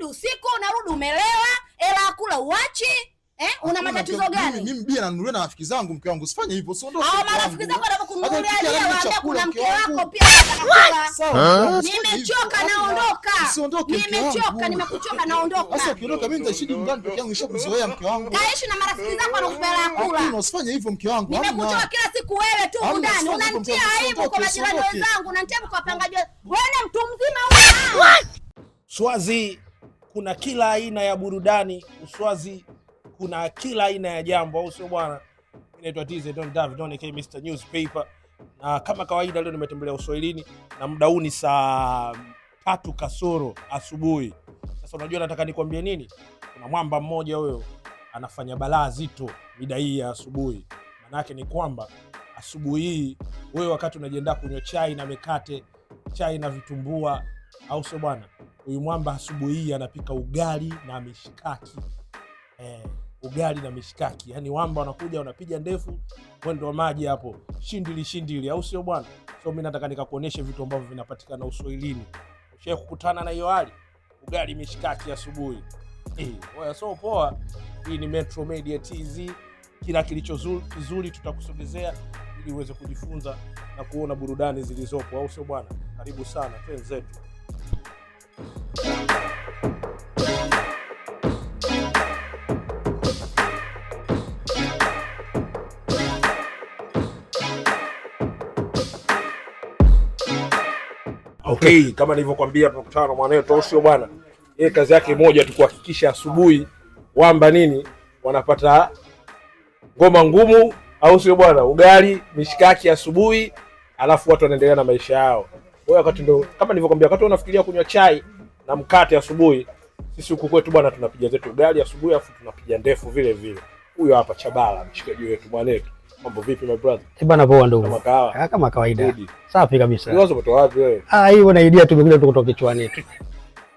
unarudi usiku, unarudi umelewa, hela ya kula uachi. Eh, una matatizo gani? Mimi mbia nanunulia na rafiki zangu mke wangu. Usifanye hivyo, sio ndio? Hao marafiki zako wanakununulia leo, waambia kuna mke wako pia anataka anakula. Nimechoka naondoka. Usiondoke mke wangu. Nimechoka, nimekuchoka naondoka. Sasa ukiondoka mimi nitaishi nyumbani peke yangu, nishakuzoea mke wangu. Kaishi na marafiki zako wanakupela kula. Mimi usifanye hivyo mke wangu. Nimekuchoka kila siku wewe tu huko ndani. Unanitia aibu kwa majirani wenzangu, unanitia kwa wapangaji. Wewe ni mtu mzima huyu. Swazi kuna kila aina ya burudani Uswazi, kuna kila aina ya jambo, au sio bwana? Inaitwa TZ Don David Don aka Mr Newspaper, na kama kawaida leo nimetembelea Uswahilini na muda huu ni saa tatu kasoro asubuhi. Sasa unajua nataka nikwambie nini? Kuna mwamba mmoja huyo anafanya balaa zito mida hii ya asubuhi. Manake ni kwamba asubuhi hii wewe, wakati unajiandaa kunywa chai na mikate, chai na vitumbua au sio bwana? Huyu mwamba asubuhi hii anapika ugali na mishikaki eh, ugali na mishikaki. Yani wamba wanakuja wanapiga ndefu mwendo wa maji hapo, shindili shindili, au sio bwana? So mimi nataka nikakuonyeshe vitu ambavyo vinapatikana Uswahilini. Ushae kukutana na hiyo hali ugali mishikaki asubuhi eh, oya, so poa. Hii ni Metro Media TZ, kila kilicho kizuri tutakusogezea ili uweze kujifunza na kuona burudani zilizopo, au sio bwana? Karibu sana, twende zetu. okay. kama nilivyokuambia tunakutana na mwanae Tosho bwana, yeye kazi yake moja tu kuhakikisha asubuhi wamba nini wanapata ngoma ngumu, au sio bwana, ugali mishikaki asubuhi, alafu watu wanaendelea na maisha yao. Wewe wakati ndio kama nilivyokuambia, wakati unafikiria kunywa chai na mkate asubuhi, sisi huku kwetu bwana tunapiga zetu ugali asubuhi, afu tunapiga ndefu vile vile. Huyo hapa Chabala mshikaji wetu mwanetu Mambo vipi my brother? Eh, bana poa ndugu. Kama kawaida. Ah, kama kawaida. Safi kabisa. Wazo kutoka wapi wewe? Ah, idea tumekuja tu kutoka kichwani tu.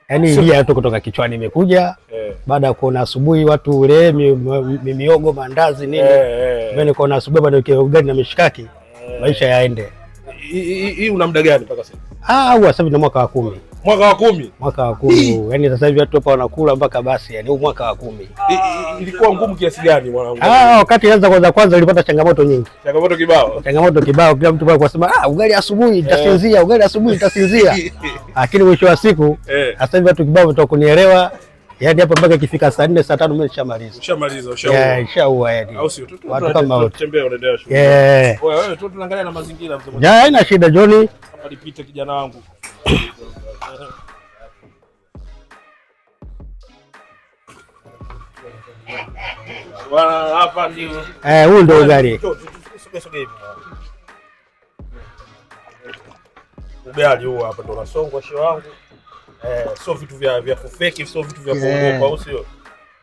Yaani ah, idea tu kutoka kichwani imekuja eh. Baada ya kuona asubuhi watu ule mimiogo mandazi nini. Eh, eh. Nikaona asubuhi bado ugali na mishikaki eh. Maisha yaende. Hii una muda gani mpaka sasa? Ah, sasa ni mwaka wa kumi mwaka wa kumi, mwaka wa kumi. Yani sasa hivi watu hapa wanakula mpaka basi, yani huu mwaka wa kumi. Ilikuwa ngumu kiasi gani mwanangu? Ah, wakati anza kwanza kwanza ulipata changamoto nyingi, changamoto kibao, changamoto kibao. Kila mtu akasema ah, ugali asubuhi nitasinzia, eh. ugali asubuhi nitasinzia, lakini mwisho wa siku eh. sasa hivi watu kibao wametoka kunielewa. Yaani hapa mpaka ikifika saa nne saa tano mimi nishamaliza. Ushamaliza, ushaua. Yeah, ushaua yani. Au sio? Watu kama wote. Tembea unaendelea shule. Yeah. Wewe tu tunaangalia na mazingira mzee. Yeah, haina shida John. Alipita kijana wangu. Eh, huu ndo ugali ugali huu hapa ndo unasongwa wangu. Eh, sio vitu vya vya kufeki, sio vitu vya kuogopa, eh. au sio?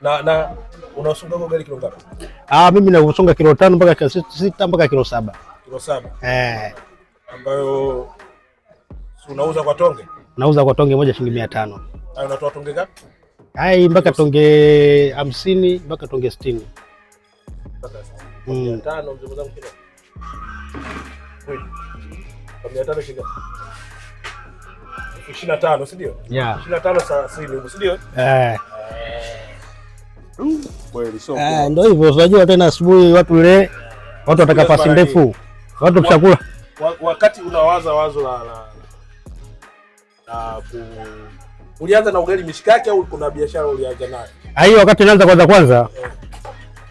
Na na unasonga ugali kilo ngapi? Ah, mimi nasonga kilo tano mpaka kilo sita mpaka kilo saba. Kilo saba. Eh. Ambayo Unauza kwa tonge? Nauza kwa tonge moja shilingi mia tano. Hayo unatoa tonge gapi? Hai mpaka tonge hamsini mpaka tonge sitini. Mm. Mia tano tano, eh. eh, hivyo, unajua tena asubuhi watu le watu wataka ndefu. Watu kushakula. Wakati unawaza wazo la na ku... ulianza na ugali mishikaki au kuna biashara ulianza nayo? Ah, hiyo wakati naanza kwanza kwanza yeah.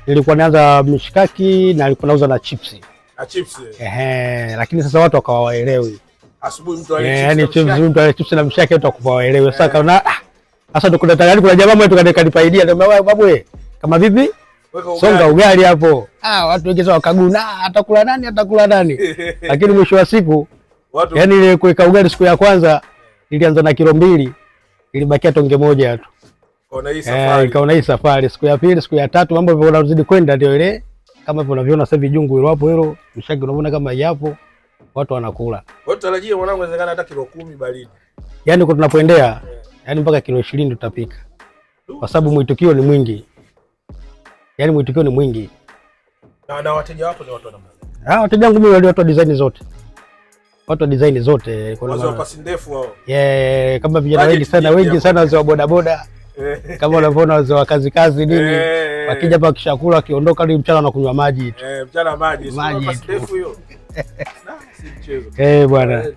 Nilikuwa naanza mishikaki na nilikuwa nauza na chipsi na chipsi ehe, lakini sasa watu wakawa waelewi Asubuhi mtu ale yeah, chips mtu ale chips na mishikaki watu wakawa waelewi yeah. Sasa eh. kaona ah, sasa ndio kuna tayari kuna jamaa mmoja kanipa idea, ndio mbaya babu eh, kama vipi songa ugali hapo. Ah, watu wengi sana wakaguna, ah, atakula nani atakula nani lakini mwisho wa siku watu, yani ile kuweka ugali siku ya kwanza nilianza na kilo mbili, ilibakia tonge moja tu. Ikaona eh, hii safari, siku ya pili, siku ya tatu, mambo hivyo unazidi kwenda, ndio ile kama hivyo unavyoona sasa hivi jungu hilo hapo hilo, mshaki unaona kama yapo watu wanakula. Kwa hiyo tarajia mwanangu, inawezekana hata kilo 10 baridi. Yaani kwa tunapoendea, yeah. yaani mpaka kilo 20 tutapika. Kwa sababu mwitikio ni mwingi. Yaani mwitikio ni mwingi. Na na wateja wako ni watu wa namna gani? Ah, wateja wangu mimi wale watu wa design zote watu wa design zote yeah, kama vijana wengi sana wengi sana wazee wa bodaboda eh. kama unavyoona wazee wa kazi kazi nini eh. wakija hapa kishakula wakiondoka ni mchana na kunywa maji tu bwana.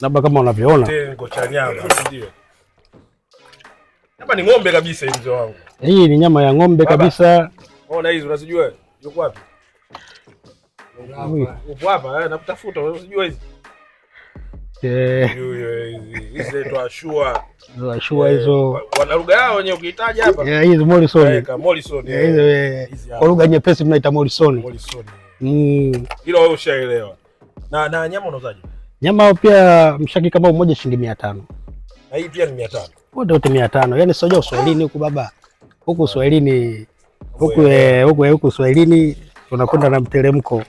Labda kama unavyoona ni ng'ombe kabisa hizo wangu. hii ni nyama ya ng'ombe kabisa. Ona hizo unazijua? Yuko wapi? Upo hapa eh, nakutafuta, unajua hizi ashua eh, hizo wana lugha yao wenyewe, ukihitaji hapa hizi Morrison, eh, kwa lugha nyepesi tunaita Morrison. Mm. Hilo wewe ushaelewa. Na na nyama unauzaje? Nyama pia mshaki kama mmoja shilingi mia tano na hii pia ni mia tano wote wote mia tano Yaani soja uswahilini huku baba, huku uswahilini huku, huku uswahilini tunakwenda na mteremko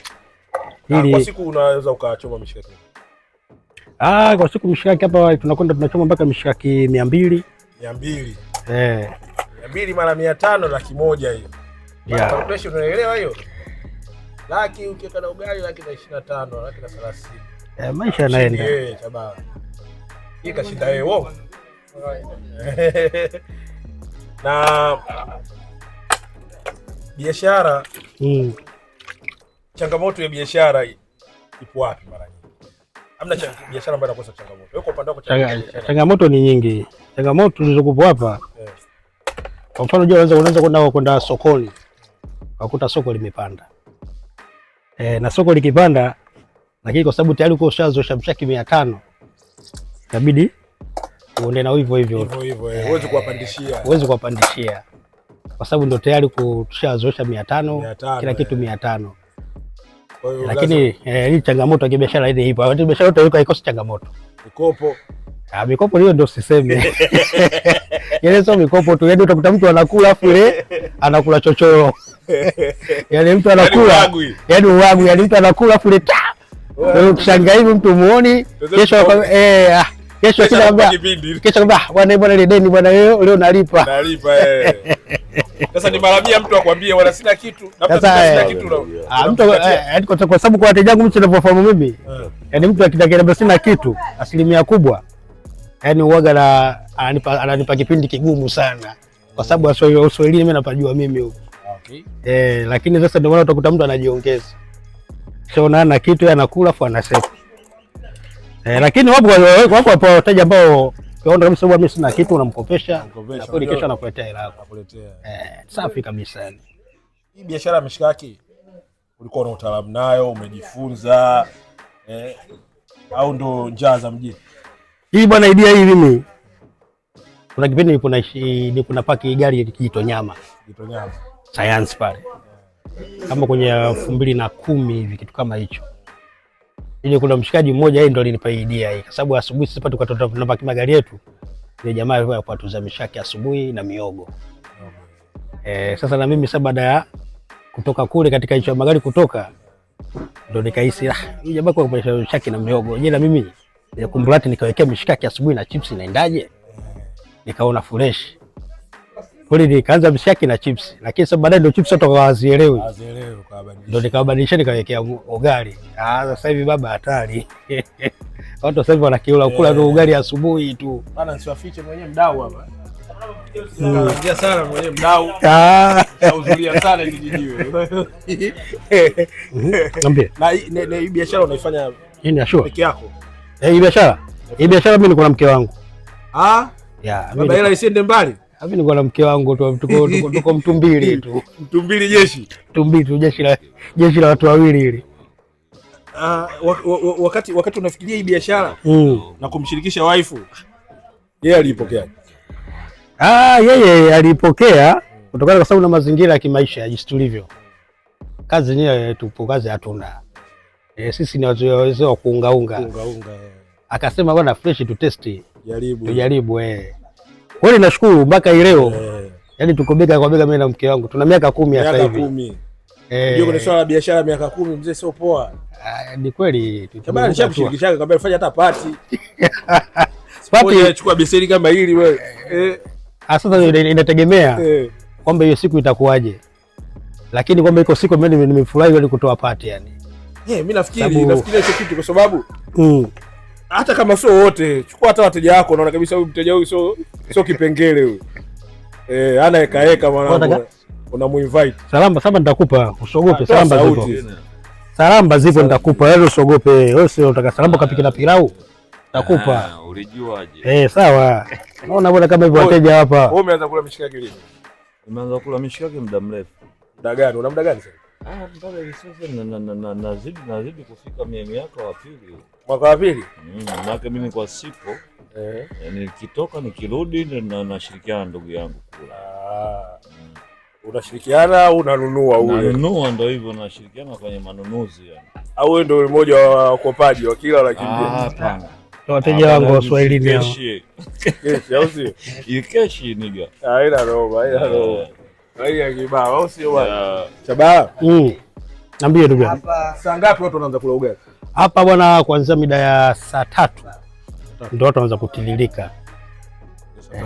ili... Kwa siku unaweza ukachoma mishikaki. Ah, kwa siku mishikaki hapa tunakwenda tunachoma mpaka mishikaki mia mbili mia mbili eh, mia mbili mara mia tano laki moja hiyo yeah. Calculation unaelewa hiyo, laki ukiweka na ugali laki na ishirini na tano laki na thelathini eh, maisha yanaenda hii kashinda wewe na biashara mm changamoto ya biashara ipo wapi? Mara nyingi hamna biashara ambayo inakosa changamoto. Wewe kwa upande wako changamoto, changamoto ni nyingi. Changamoto zilizokuwa hapa yeah. Kwa mfano je, unaweza kwenda kwenda sokoni ukakuta soko limepanda e, na soko likipanda, lakini kwa sababu tayari uko ushazosha mshaki 500 inabidi uende na hivyo hivyo hivyo hivyo, eh, huwezi eh, kuwapandishia, huwezi kuwapandishia kwa sababu ndio tayari kushazoesha 500 kila kitu 500 tano lakini eh, hii eh, changamoto ya kibiashara hizi ipo. Biashara yote haikosi changamoto. Mikopo. Ah, mikopo hiyo ndio siseme. yale yaani sio mikopo tu. Yaani utakuta mtu anakula afu ile anakula chochoro. Yaani mtu anakula. Yaani uwagu, yaani, yaani mtu anakula afu ile ta. Ukishangaa hivi mtu muoni kesho eh ah kesho kila mbaya kesho mbaya ah, bwana bwana ile deni bwana leo leo nalipa. Nalipa eh. Sasa ni marabia mtu akwambie wala sina kitu, sina eh, kitu eh, ah, mtu, eh, kwa sababu kwa wateja wangu mtu anavyofahamu mimi, yaani mtu akitaka sina kitu, asilimia kubwa yaani uoga na ananipa, ananipa kipindi kigumu sana kwa sababu Uswahilini mimi napajua mimi huko okay. Eh, lakini sasa ndio maana utakuta mtu anajiongeza Sio na ana kitu anakula afu anasema eh, lakini wapo wapo wateja ambao kwa kabisa mimi sina kitu, unamkopesha na kweli kesho anakuletea hela yako. Anakuletea. Eh, safi kabisa yani. Hii biashara ya mishikaki ulikuwa na utaalamu nayo, umejifunza eh, au ndo njaa za mjini? Hii bwana, idea hii mimi kuna kipindi nilipo naishi nilipo napaki gari kijito nyama. Kijito nyama. Sayansi pale. Kama kwenye elfu mbili na kumi hivi kitu kama hicho ile yaani kuna mshikaji mmoja yeye ndo alinipa idea hii, kwa sababu asubuhi sisi pato katoto tunapa magari yetu, ile jamaa alikuwa yakuwatuza mishaki asubuhi na miogo oh, eh. Sasa na mimi sasa, baada ya kutoka kule katika hicho magari kutoka, ndo nikahisi ah, huyu jamaa kwa kupeleka mishaki na miogo, je, na mimi kumbrati nikawekea mishikaki asubuhi na chipsi, naendaje? Nikaona fresh kweli nikaanza mshaki na chips, lakini sasa baadaye ndo chips watu hawazielewi, ndo nikabadilisha nikawekea ugali. Ah, sasa hivi baba hatari watu sasa hivi wanakiula kula tu eh. ugali asubuhi tu bana, siwafiche mwenye mdau hapa biashara unaifanya peke yako? Eh, hii biashara hii biashara mimi niko na mke wangu. Ah? Yeah, Baba ila isiende mbali. Hapo niko na mke wangu tu, tuko tuko Mtumbili tu. Mtumbili jeshi. Mtumbili tu jeshi la jeshi la watu wawili hili. Uh, ah, wakati wakati unafikiria hii biashara mm. na kumshirikisha waifu yeye aliipokea. Ah, yeye alipokea kutokana kwa sababu na mazingira ya kimaisha jinsi tulivyo. Kazi yenyewe tupo kazi hatuna. E, sisi ni wazee wa kuungaunga. Kuungaunga. Eh. Akasema bwana fresh tu test. Jaribu. Tujaribu eh. Kweli nashukuru mpaka leo. Eh. Yani tuko bega kwa bega mimi na mke wangu. Tuna miaka kumi hapa hivi. Miaka Eh. Kuna swala la biashara miaka kumi mzee, sio poa. Ah, ni kweli. Kama nishakushirikisha kabla ufanye hata party. Party chukua beseni kama hili wewe. Eh. Ah, sasa inategemea eh. kwamba hiyo siku itakuwaje, lakini kwamba iko siku mimi nimefurahi kutoa party yani. Eh, mimi nafikiri nafikiri hicho kitu kwa sababu mm hata kama sio wote, chukua hata wateja wako, unaona kabisa huyu mteja huyu sio sio kipengele huyu eh, ana heka heka mwanangu, unamuinvite salamba. Sasa nitakupa usogope, salamba zipo, salamba zipo, nitakupa wewe, usogope wewe, sio unataka salamba kapika na pilau nitakupa. Ah, ulijuaje? Eh, sawa. Naona bwana kama hivyo wateja hapa. Wewe umeanza kula mishikaki lini? Umeanza kula mishikaki muda mrefu. Muda gani? Una muda gani sasa? Ah, mpaka hivi sasa nazidi nazidi kufika miaka ya pili mwaka wa pili mm, manake mimi kwa sipo eh. eh. Nikitoka nikirudi na nashirikiana ndugu yangu kula. Mm. Unashirikiana au unanunua? Ule nanunua, ndo hivyo, nashirikiana kwenye manunuzi yani. Au wewe ndio mmoja wa wakopaji wa kila laki mbili? Ah, hapana wateja ah, wangu wa Swahili Keshi au sio? Ile keshi niga. Ah, ila roba, ila roba. Haya kibao au sio bwana? Ah. Chaba. Mm. Niambie ndugu yangu. Saa ngapi watu wanaanza kula ugali? hapa bwana, kuanzia mida ya saa tatu ndio watu wanaanza kutililika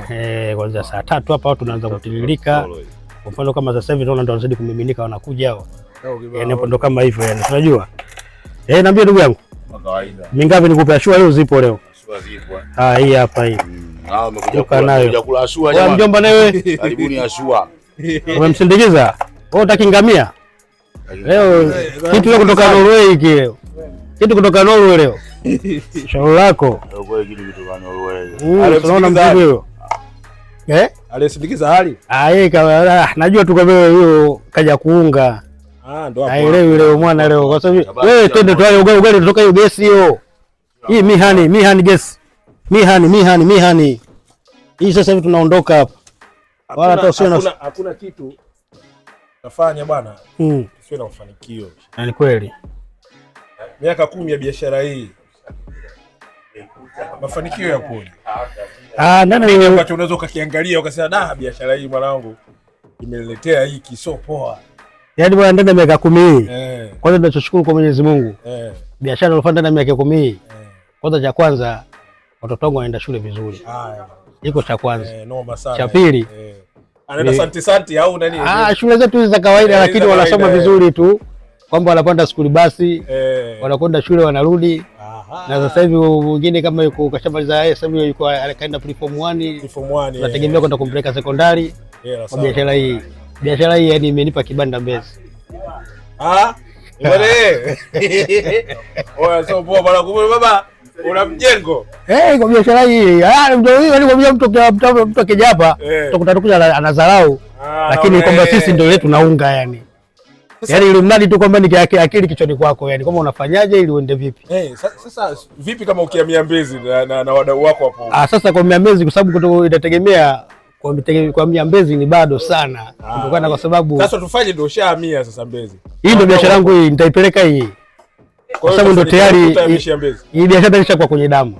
eh, kuanzia saa tatu hapa watu wanaanza kutililika. Kwa mfano kama sasa hivi naona ndio wanazidi kumiminika, wanakuja hao, yani hapo kama hivyo, yani unajua eh. Niambie ndugu yangu, mingapi nikupe ashua leo? Zipo leo eh. ah, hii hapa hii mm, nayo mjomba, nawe umemsindikiza wewe, utakingamia leo kitu kutoka Norway kile kitu kutoka Norway leo. Shauri lako najua tu kama huyo kaja kuunga ah, aelewi leo mwana leo, kwa sababu wewe twende tu ugali ugali kutoka hiyo gesi hiyo hii mihani mihani gesi mihani mihani mihani hii. Sasa hivi tunaondoka hapa, wala hata usiona hakuna kitu tafanya bwana, hmm. sio na mafanikio, na ni kweli miaka kumi ya biashara hii mafanikio ya kweli ambacho ah, unaweza ukakiangalia ukasema, da, biashara hii mwanangu imeniletea hiki, sio poa. Yaani bwana, ndani ya miaka kumi hii eh, kwanza tunachoshukuru kwa Mwenyezi Mungu eh, biashara ulifanya ndani ya miaka kumi hii eh, kwanza cha kwanza watoto wangu wanaenda shule vizuri ah, iko cha kwanza eh, noma sana. Cha pili eh, anaenda santi santi au nani? Ah, shule zetu za kawaida eh, lakini wanasoma eh. vizuri tu kwamba wanapanda skuli basi hey. Eh. wanakwenda shule wanarudi. Aha. na sasa hivi mwingine kama yuko kashamaliza sasa hivi yuko kaenda form 1 form 1 nategemea eh. kwenda kumpeleka sekondari kwa biashara hii. Biashara hii yani imenipa kibanda Mbezi. Ah, Oya, so poa bana kumbe baba una mjengo eh, kwa biashara hii. Ah, ndio hiyo alikwambia yaani mtu mtu akija hapa tutakuta eh. anadharau. Ah, lakini kwamba sisi ndio ile tunaunga yani Yaani ile mradi tu kwamba ni akili kichwani kwako, yani kama unafanyaje ili uende vipi? Eh, sasa vipi kama ukiamia Mbezi na, na, na wadau wako hapo? Ah, sasa kwa mia Mbezi kwa sababu inategemea kwa, kwa mia Mbezi ni bado sana ah, kutokana kwa sababu sasa tufanye ndio shaamia sasa Mbezi. Hii ndio biashara yangu hii nitaipeleka hii. Kwa sababu ndio tayari hii biashara kwa kwenye damu.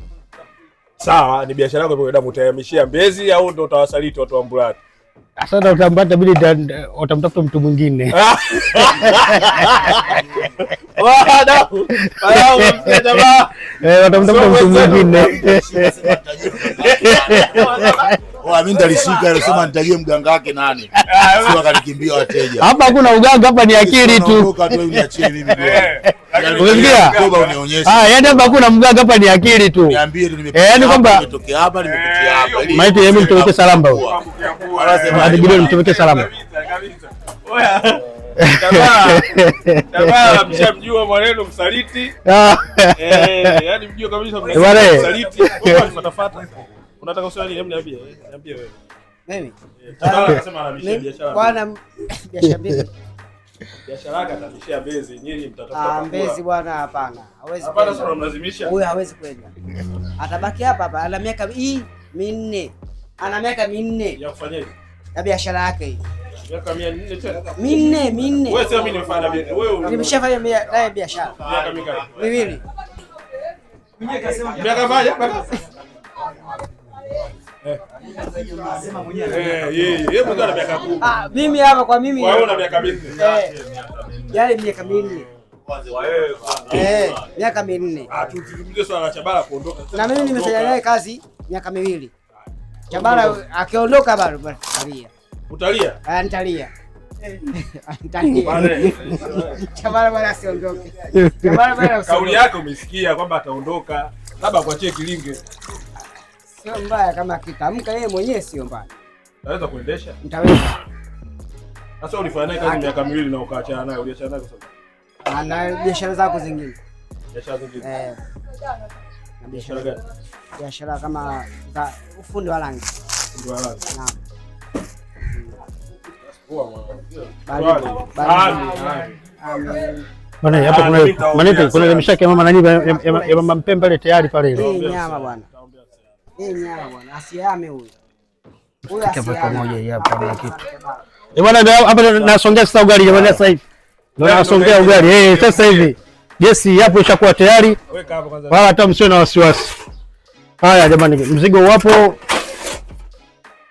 Sawa, ni biashara yako kwenye damu utahamishia Mbezi au ndio utawasaliti watu wa Mbulati? Sasa utampata bidi utamtafuta mtu mwingine. Watamtafuta mtu mwingine. Oh, Mimi ndalishika nitalishika alisema nitajie mganga wake nani. Ah, Sio akanikimbia wateja. Hapa kuna uganga hapa ni akili tu. Eh, yaani, ah, yani hapa kuna mganga hapa ni akili tu. Niambie nimetoka. Eh, yaani kwamba nimetoka hapa eh, nimekutia hapa. Maiti hebu mtuweke salama huyo. Anasema ndio mtuweke salama. Oya. Tabara mshamjua mwanenu ah. yaani msaliti. Eh, yaani mjua kabisa msaliti. Mtafuta. Unataka usema nini? Hebu niambie. Niambie wewe. Mimi? Eh, anasema anabishia biashara. Bwana biashara mbili. Biashara yake atafishia Mbezi, nyinyi mtatafuta. Ah, Mbezi bwana hapana. Hawezi. Hapana, sio unamlazimisha. Huyu hawezi kwenda. Atabaki hapa hapa, ana miaka hii minne. Ana miaka minne. Ya kufanyaje? Ya biashara yake hii. minne tena. Minne, Wewe sio mimi nimefanya wewe. Nimeshafanya naye biashara. Miaka mingapi? Miwili. Miaka sema. Miaka moja Eh, eh, eh, ah, mimi hapa kwa mimi yale miaka minne miaka minne ah, na mimi nimesaidia naye kazi miaka miwili. Chabara akiondoka bado utalia, utalia, ah, nitalia. Chabara bwana asiondoke. Kauli yake umesikia kwamba ataondoka, labda kuachie kilinge sio mbaya kama akitamka yeye mwenyewe, sio mbaya. Naweza kuendesha? Nitaweza. Sasa ulifanya naye kazi miaka miwili na ukaachana naye, uliachana naye kwa sababu ana biashara zako zingine. Biashara zingine. Eh. Na biashara gani? Biashara kama za ufundi wa rangi. Ufundi wa rangi. Naam. Bwana hapa kuna kuna ile mishaka ya mama nani ya mama Mpemba ile tayari pale ile. Nyama bwana. Kenya bwana, asiame hapa eh, nasongea sasa ugali jamani sasa hivi. Ndio nasongea ugali. Eh, sasa hivi. Gesi yapo ishakuwa tayari. Weka hapo Wala hata msiwe na wasiwasi. Haya jamani, mzigo wapo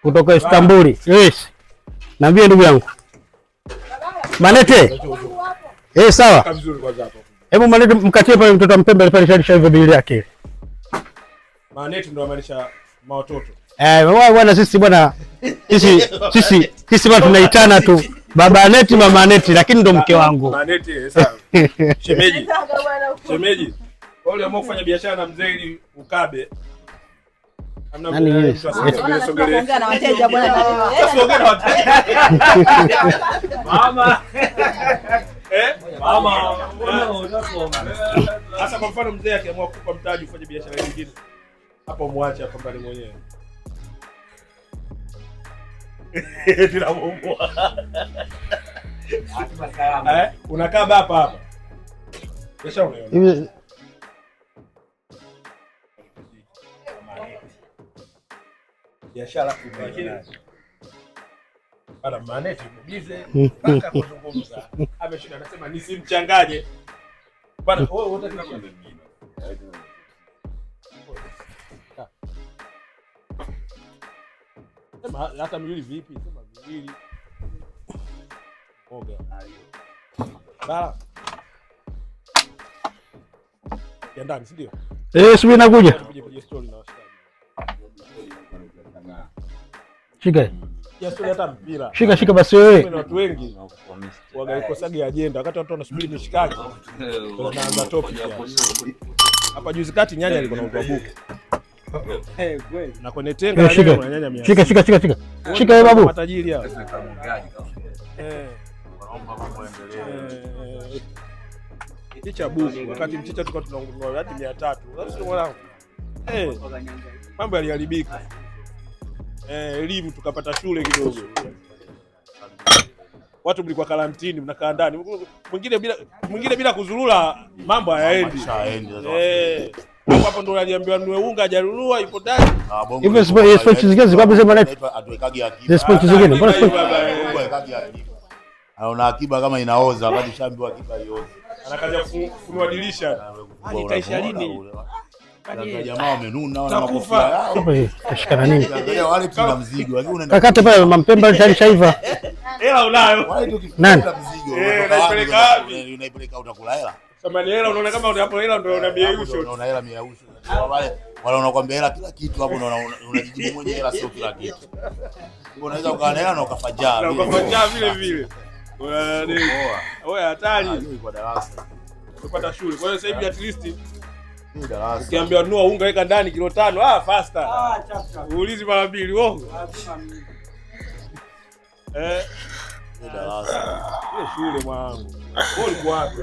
kutoka Istanbul. Yes. Naambie ndugu yangu. Manete. Eh, sawa. Hebu Manete mkatie pale mtoto mpembe pale hivyo bili yake maana maanisha mawatoto. Eh, bwana sisi bwana sisi sisi sisi bwana tunaitana tu baba neti mama neti, lakini ndo mke wangu. neti, eh, sawa. Shemeji. Shemeji. kufanya biashara na mzee ili ukabe. Hamna Tunaongea na wateja bwana. Tunaongea na wateja. Mama. Eh? Mama. Sasa kwa mfano mzee akiamua kukupa mtaji ufanye biashara nyingine hapo mwache apambane mwenyewe. Eh, unakaa hapa hapa. Kesha unaona. Biashara kubwa. Ana maneti mbize hmm. mpaka kuzungumza. Ameshinda anasema nisimchangaje. Bana wewe unataka kuambia nini? sema hata miwili vipi? Sema miwili oga bala ya ndani, si ndio? Eh, subiri nakuja. Shika. Ya Shika shika basi wewe. watu wengi wagaikosaga ajenda wakati watu wanasubiri mishikaki. Tunaanza topic hapa. Juzi kati nyanya alikuwa na utabuku. Eh, na kwenye tenga leo eh, Shika shika shika shika. Shika wewe babu. Matajiri hao. Mchicha eh. wakati mchicha hadi 300. Sasa mwanangu. Eh. Mambo yaliharibika. Eh, elimu tukapata shule kidogo. Watu mlikuwa karantini, mnakaa ndani. Mwingine bila mwingine bila kuzurura mambo hayaendi. Eh hapo ndo unajiambia nunue unga hajanunua yupo ndani. Ah, Hivyo eh, sports zingine zilikuwa zema net. Atuwekagi akiba. Eh, zingine mbona sports eh, Anaona akiba kama inaoza wakati shambi akiba ioze. Anakaja kufunua dirisha. Ah, Hadi lini? Kakate pale mampemba tayari Hela unayo. Wale unaipeleka wapi? Unaipeleka utakula hela. Samani hela unaona kama hapo hela ndio una bei Unaona hela mia Wale wale wanakuambia hela kila kitu hapo ndio unajijibu mwenyewe hela sio kila kitu. Unaweza ukawa hela na ukafajaa. Na ukafajaa vile vile. Wewe hatari. Ah, kwa darasa. Kupata shule. Kwa hiyo sasa hivi at least ni darasa. unga weka ndani kilo tano, ah faster. Ah chapcha. Uulizi mara mbili wongo. Eh. Ni darasa. Shule mwanangu. Wewe uko wapi?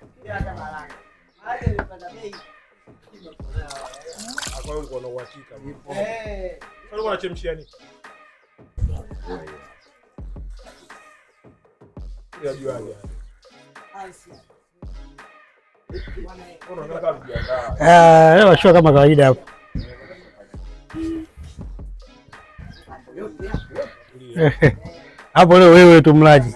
na nini? Washua kama kawaida hapo. Hapo leo wewe tu mlaji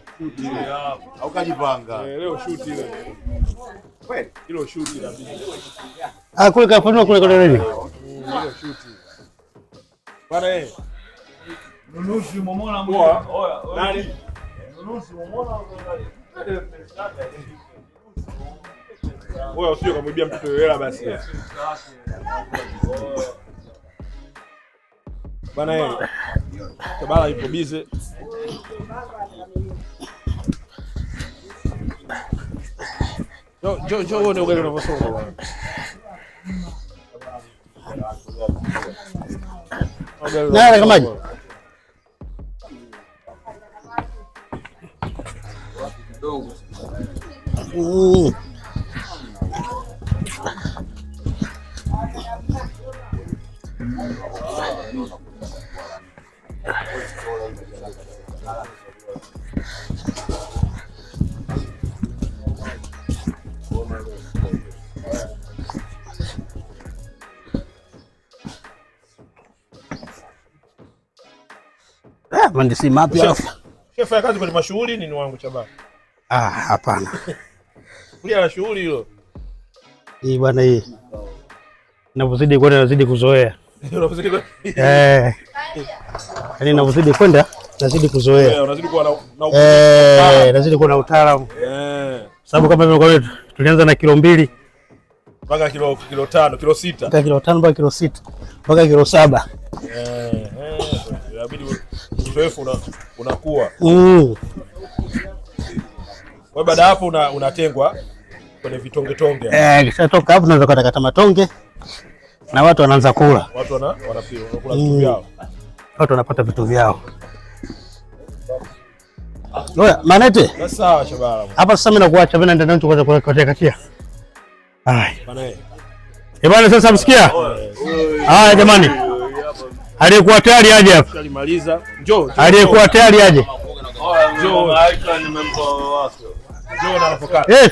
Haukajipanga. Eh, leo shoot ile. Kweli? Hilo shoot ile. Ah, kule kafanua kule kwa nini? Mm, hilo shoot. Bana eh. Nunuzi momona mwa. Nani? Nunuzi momona wewe usije kumwibia mtoto hela basi. Bana eh. Tabala ipo bize. Yo, yo, yo voy a ver una p e s o n a Nada, kamad. Mm. hapa Mhandisi mapya. Chef ya kazi kwenye mashughuli ni wangu Chabani. Ah, hapana. Kulia la shughuli hilo. Hii bwana hii. Ninavyozidi kwenda nazidi kuzoea. Unazidi kwenda? Eh. Yaani ninavyozidi kwenda nazidi kuzoea. Eh, unazidi kuwa na Eh, nazidi kuwa na utaalamu. Eh. Sababu kama kwa nimekuambia tulianza na kilo mbili mpaka kilo kilo tano, kilo sita. Mpaka kilo tano mpaka kilo sita. Mpaka kilo saba. Eh. eh urefu unakuwa una kwa baada hapo una, unatengwa kwenye vitonge tonge. Eh, kishatoka hapo unaanza kukata matonge na watu wanaanza kula, watu wana, wanapia, wanakula vitu mm. vyao, watu wanapata vitu vyao. Oya, manete. Sawa shabara. Hapa sasa mimi nakuacha mimi naenda nani tukaanza kukatia katia. Hai. Bana. Eh bana sasa msikia? Hai jamani. Aliyekuwa tayari aje hapa. Alimaliza. Njoo. Aliyekuwa tayari aje. Njoo. Eh.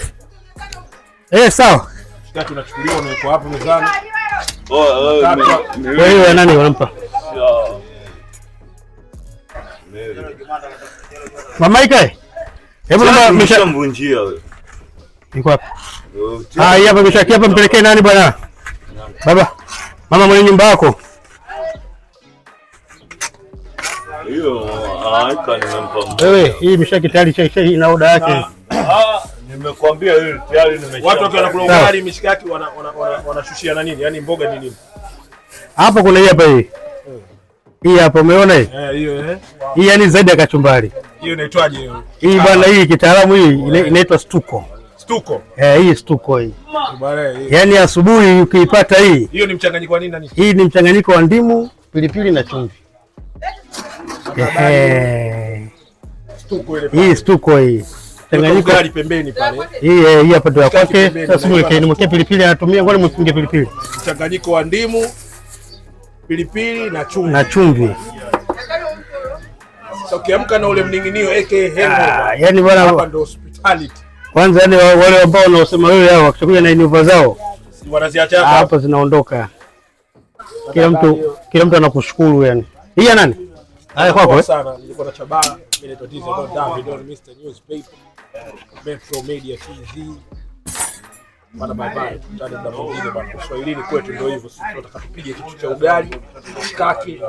Eh, sawa. Shikati unachukuliwa na yuko hapo mezani. Kwa hiyo nani wanampa? Mama ikae. Hebu naomba mmeshamvunjia wewe. Niko ah, hapa. Ah, hapa mshaki hapa mpelekee nani bwana? Baba. Mama mwenye nyumba yako. Wewe hii imesha tayari cha ina oda yake. Ah, ah. Nimekuambia hili tayari nimesha. Watu wanakula ugali mishikaki wanashushia na nini? Yaani mboga ni nini? Hapo kuna hii hapa hii. Hii hapo umeona hii? Eh, hiyo eh. Hii yani zaidi ya kachumbari. Hiyo inaitwaje hiyo? Hii bwana hii kitaalamu hii eh. inaitwa stuko. Stuko. Eh, hii stuko hii. Eh. Yaani asubuhi ukiipata hii. Hiyo ni mchanganyiko wa nini na nini? Hii ni mchanganyiko wa ndimu, pilipili na chumvi habari stuko ile hii pembeni pale. Hii hii hapa ndio kwake. Sasa mweke pilipili anatumia ngoja nimfungie pilipili. Mchanganyiko wa ndimu, pilipili na chumvi. Na chumvi. Ukiamka na ule mninginio aka hangover. Ah, yaani bwana hapa ndio hospitality. Kwanza yani wale ambao wanaosema wewe hao wakishakuja na inuva zao wanaziacha Hapa zinaondoka. Kila mtu kila mtu anakushukuru yani. Hii ya nani? Haya kwako eh? sana. Nilikuwa na Chabana, mimi ni Tatizo Don David on Mr Newspaper, Metro Media TV. Bana, bye bye, tutane muda mwingine bana. Kiswahilini kwetu ndio hivyo, sisi tunataka tupige kitu cha ugali, kaki.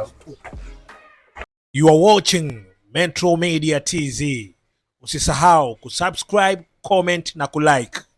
You are watching Metro Media TV. Usisahau kusubscribe, comment na kulike.